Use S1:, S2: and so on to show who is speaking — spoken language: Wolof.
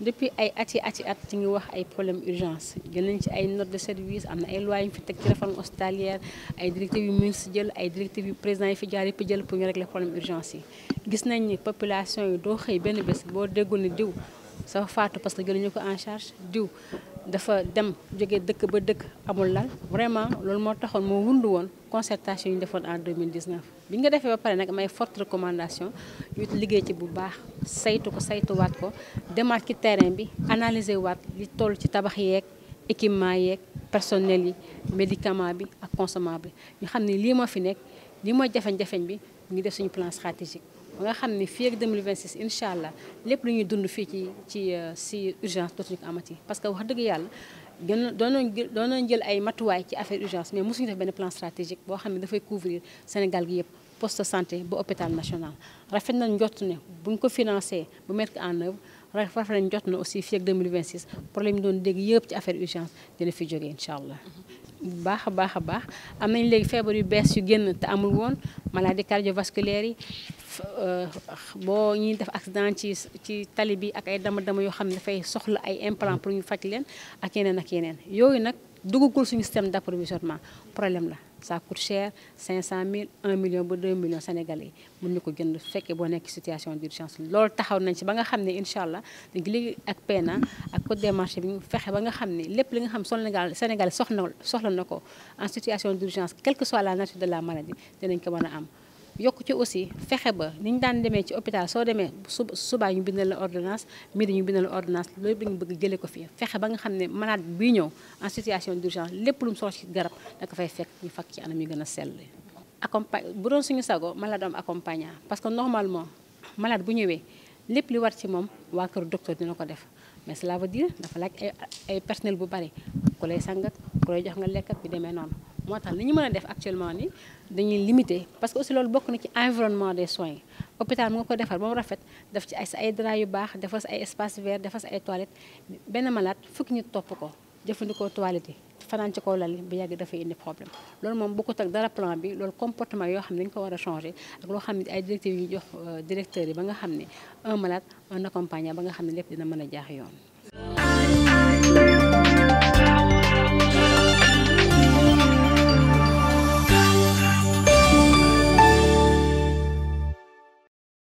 S1: depuis ay at yi at yi at ci ngi wax ay problème urgence jël nañ ci ay note de service am na ay loi fi teg ci réforme hospitalière ay directives yu ministre jël ay directives yu président yi fi jaar yëpp jël pour ñu régler problème urgence yi gis nañ ni population yi doo xëy benn bés boo déggul ni diw sa faatu parce que jël ñu ko en charge diw dafa dem jóge dëkk ba dëkk amul lal vraiment loolu moo taxoon moo wundu woon concertation yi ñu defoon en 2019 bi nga defee ba pare nag may forte recommandation ñu liggéey ci bu baax saytu ko saytuwaat ko demaat ci terrain bi analyser waat li toll ci tabax yeeg équipement yeeg personnel yi médicament bi ak consommable bi ñu xam ne lii ma fi nekk lii mooy jafe-jafe bi ñu def suñu plan stratégique nga xam ne fii ak 2026 Inshallah, allah lépp lu ñuy dund fii ci ci euh, si urgence dootuñu ko amati parce que wax dëgg yàlla gën doonoon doonoon jël ay matuwaay ci affaire urgence mais mosuñu def benn plan stratégique boo xam ne dafay couvrir Sénégal gi yëpp poste de santé bu hôpital national rafet na njott ne buñ ko financé bu mettre en œuvre rafet na njott na aussi fii ak 2026 problème yi doon dégg yëpp ci affaire urgence dina fi jógee incha allah bu baax a baax a baax am nañ léegi feebar yu bees yu génn te amul woon maladie cardiovasculaire yi Euh, boo ñuy def accident ci ci tali bi ak ay dama-dama yoo xam ne dafay soxla ay imprant pour ñu faj leen ak yeneen ak yeneen yooyu nag duggagul suñu système d'approvisionnement problème la ça coûte cher 500000 1 million ba 2 millions sénégalais yi mun ñu ko jënd fekkee boo nekk situation d'urgence loolu taxaw nañ ci ba nga xam ne incha allah léegi léegi ak PNA ak code des marchés bi ñu fexe ba nga xam ni lépp li nga xam Sénégal Sénégal soxla soxla na ko en situation d'urgence quelle la nature de la maladie dinañ ko mën a am yokk ci aussi fexe ba ni daan demee ci hôpital soo demee suba ñu bindal la ordonnance midi ñu bindal la ordonnance loolu dañu bëgg jëlé ko fi fexe nga xamné malade bi ñëw en situation d'urgence lépp lu mu soxla ci garab naka fay fekk ñu fag ci anam yu gëna a sell accompagne bu doon suñu sago malade am accompagnant parce que normalement malade bu ñëwé lépp li war ci mom wa keur docteur dina ko def mais cela veut dire dafa laaj ay personnel bu bari ku lay sangat ku lay jox nga lekkat bi démé noonu moo tax li ñu mën a def actuellement ni dañuy limité parce que aussi loolu bokk na ci environnement des soins hôpital mu nga ko defar ba mu rafet def ci ay sa ay draps yu baax dafa sa ay espace vert dafa sa ay toilettes benn malade fukki ñu topp ko jëfandikoo toilette yi fanaan ci kaw lal bi yàgg dafay indi problème loolu moom bokkut ak dara plan bi loolu comportement yoo xam ne dañu ko war a changer ak loo xam ne ay directives yu jox euh, directeur yi ba nga xam ne un malade un accompagnant ba nga xam ne lépp dina mën a jaax yoon